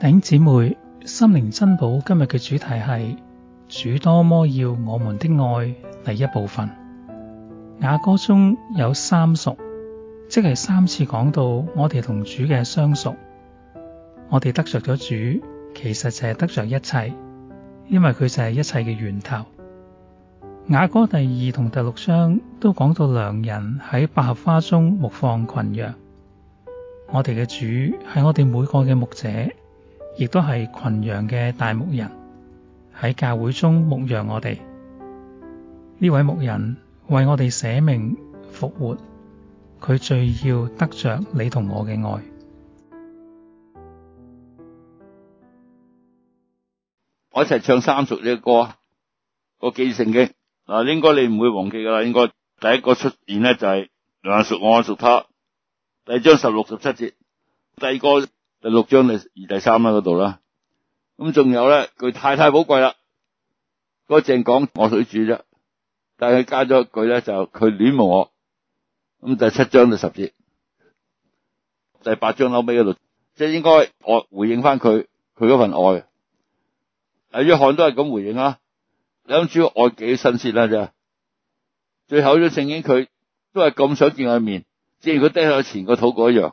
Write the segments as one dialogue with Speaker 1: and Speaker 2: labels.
Speaker 1: 弟兄姐妹，心靈珍寶。今日嘅主題係主多麼要我們的愛，第一部分，雅歌中有三屬，即係三次講到我哋同主嘅相屬。我哋得着咗主，其實就係得着一切，因為佢就係一切嘅源頭。雅歌第二同第六章都講到良人喺百合花中牧放群羊，我哋嘅主係我哋每個嘅牧者。亦都係群羊嘅大牧人，喺教會中牧羊我，我哋呢位牧人為我哋捨命復活，佢最要得着你同我嘅愛。我一齊唱三屬呢，這個歌，嗰幾段聖經嗱，應該你唔會忘記噶啦。應該第一個出現咧就係兩屬，我屬他，第二章十六十七節，第二個。第六章第二第三啦嗰度啦，咁仲有咧，佢太太寶貴啦，嗰正講我屬主啫，但係佢加咗一句咧就佢戀慕我，咁第七章就十節，第八章嬲尾嗰度，即係應該我回應翻佢佢嗰份愛，啊約翰都係咁回應啦，你諗住愛幾新鮮啦就，最後聖都正經佢都係咁想見我面，正如佢爹係前個土嗰一樣。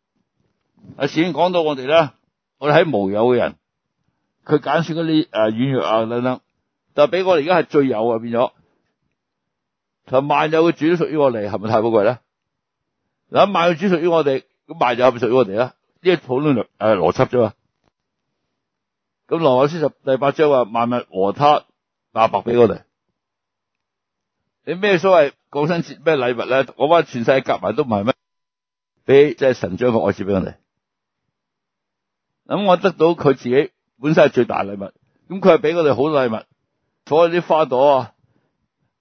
Speaker 1: 阿善講到我哋咧，我哋喺無有嘅人，佢揀選嗰啲誒軟弱啊等等，但係俾我哋而家係最有啊變咗，就萬有嘅主都屬於我哋，係咪太寶貴咧？嗱，萬有嘅主屬於我哋，咁萬有咪屬於我哋啦？呢個普通嘅誒邏輯啫嘛。咁、呃《羅馬書》十第八章話萬物和他白白俾我哋，你咩所謂過生節咩禮物咧？我話全世界夾埋都唔係咩，俾即係神將個愛賜俾我哋。咁我得到佢自己本身係最大禮物，咁佢係俾我哋好多禮物，所有啲花朵啊，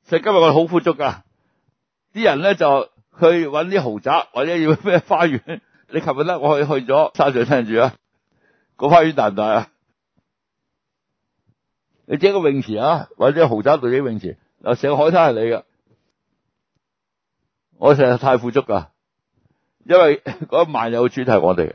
Speaker 1: 成今日我哋好富足噶，啲人咧就去搵啲豪宅或者要咩花園，你琴日咧我去去咗山上聽住啊，個花園大唔大啊？你整個泳池啊，或者豪宅度整泳池，啊成個海灘係你㗎。我成日太富足噶，因為嗰個萬有主體係我哋。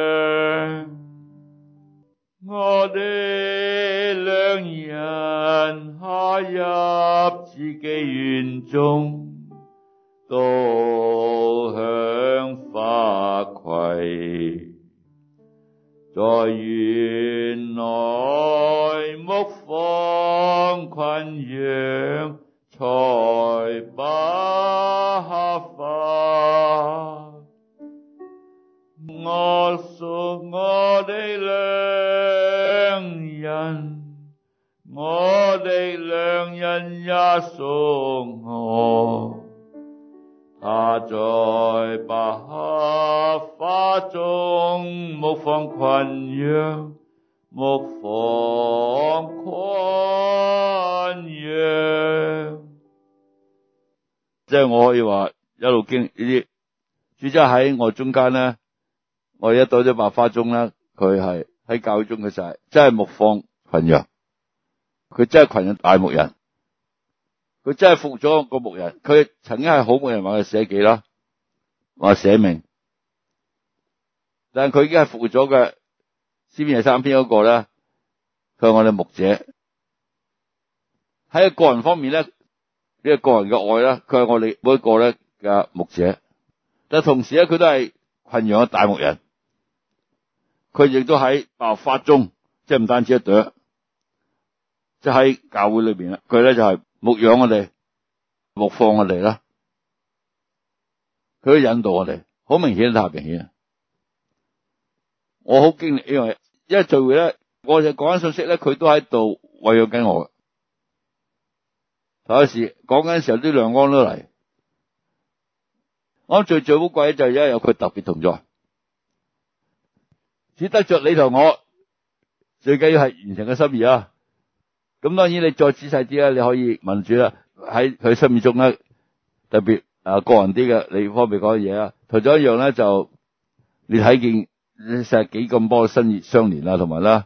Speaker 2: 我我中我，他在百合花中，牧放群羊，牧放群羊。
Speaker 1: 即係我可以話一路經呢啲，主真喺我中間咧，我一到咗百合花中咧，佢係喺教會中，佢就係真係牧放群羊，佢真係群人大牧人。佢真係服咗個牧人，佢曾經係好牧人話佢捨己啦，話捨命，但係佢已經係服咗嘅。詩篇三篇嗰個咧，佢係我哋牧者喺個人方面咧，呢個個人嘅愛啦，佢係我哋每一個咧嘅牧者，但係同時咧，佢都係群羊嘅大牧人，佢亦都喺百合花中，即係唔單止一朵，即係喺教會裏邊啦，佢咧就係。牧養我哋，牧放我哋啦，佢都引導我哋，好明顯，太明顯。我好經歷呢樣嘢，因為聚會咧，我就講緊信息咧，佢都喺度餵養緊我嘅。頭一時講緊時候，啲亮光都嚟。我最最好貴就因為有佢特別同在，只得着你同我，最緊要係完成嘅心意啊！咁當然你再仔細啲啦，你可以民主啦，喺佢心目中咧，特別啊個人啲嘅你方面講嘢啦。除咗一樣咧，就你睇見你成日幾咁波新相連啦，同埋啦，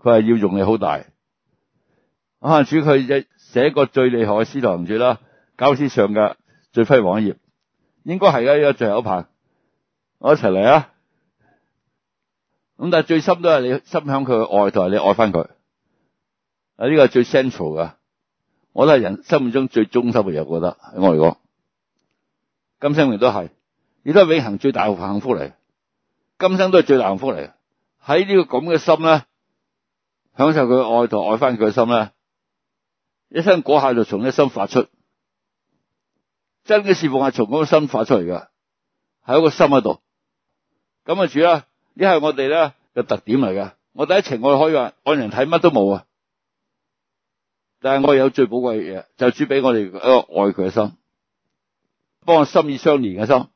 Speaker 1: 佢係要用你好大。可能、啊、主佢寫過最厲害嘅私房主啦，教師上嘅最輝煌嘅一頁，應該係嘅呢個最後一排，我一齊嚟啊！咁但係最深都係你深享佢嘅愛，同埋你愛翻佢。喺、這、呢個最 central 噶，我都係人心目中最忠心嘅嘢，我覺得喺我嚟講，今生亦都係，亦都係永恒最大幸福嚟。今生都係最大幸福嚟。喺、這個、呢個咁嘅心咧，享受佢愛，同愛翻佢嘅心咧。一生果下就從呢心發出，真嘅事奉係從嗰個心發出嚟噶，喺一個心喺度。咁啊，主啦，呢係我哋咧嘅特點嚟噶。我第一情愛可以話愛人睇乜都冇啊。但係我有最寶貴嘅嘢，就是、主俾我哋一個愛佢嘅心，幫我心意相連嘅心，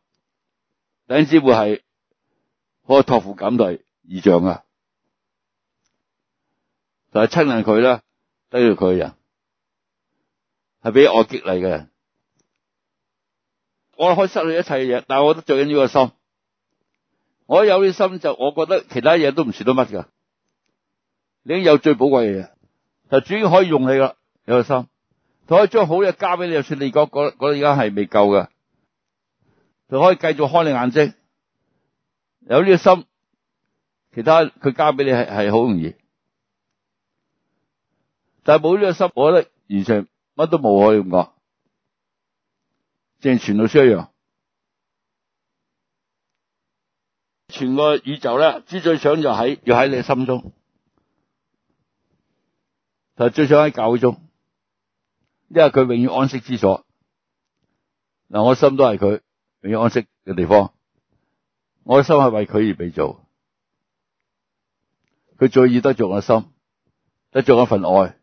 Speaker 1: 等之會係可以托付感對異象噶。就係親近佢啦，跟住佢嘅人係俾愛激勵嘅。我可以失去一切嘅嘢，但係我覺得最緊要個心，我有呢心就我覺得其他嘢都唔算得乜噶。你已經有最寶貴嘅嘢。就主要可以用你啦，有個心，就可以將好嘢交俾你，就算你覺得而家係未夠嘅，就可以繼續開你眼睛。有呢個心，其他佢交俾你係係好容易。但係冇呢個心，我覺得完全乜都冇可以咁講，正傳到師一樣，全個宇宙咧，主最想就喺要喺你心中。就係最想喺教會中，因為佢永遠安息之所。嗱，我心都係佢永遠安息嘅地方。我嘅心係為佢而被做，佢最易得着我心，得着我份愛，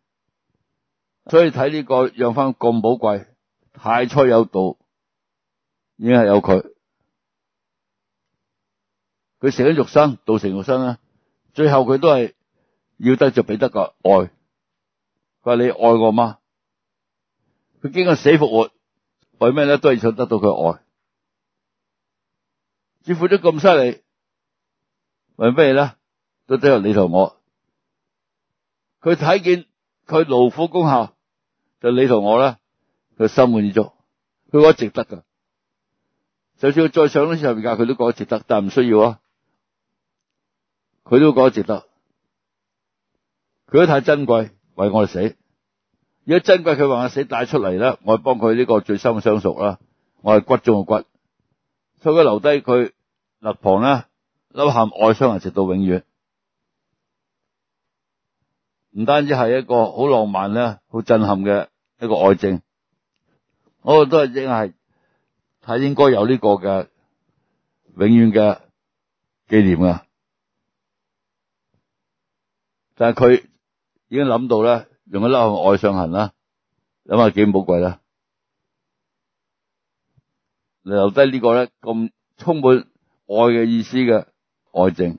Speaker 1: 所以睇呢個養翻咁寶貴。太初有道，已經係有佢。佢成咗肉身，道成肉身啦，最後佢都係要得着俾得個愛。佢話你愛我嗎？佢經過死復活，為咩咧？都係想得到佢愛。主付咗咁犀利，為咩咧？都得由你同我。佢睇見佢勞苦功效，就你同我啦。佢心滿意足，佢覺得值得噶。就算佢再上咗十字架，佢都覺得值得，但唔需要啊。佢都覺得值得，佢都太珍貴。為我哋死，如果真怪佢話我死帶出嚟啦，我係幫佢呢個最深嘅相熟啦，我係骨中嘅骨，所以佢留低佢立旁啦，嬲喊愛傷人直到永遠，唔單止係一個好浪漫咧，好震撼嘅一個愛證，我哋都係應係係應該有呢個嘅永遠嘅紀念噶，但係佢。已經諗到咧，用一粒愛上行啦，諗下幾唔寶貴啦，留低呢、這個咧，咁充滿愛嘅意思嘅愛情。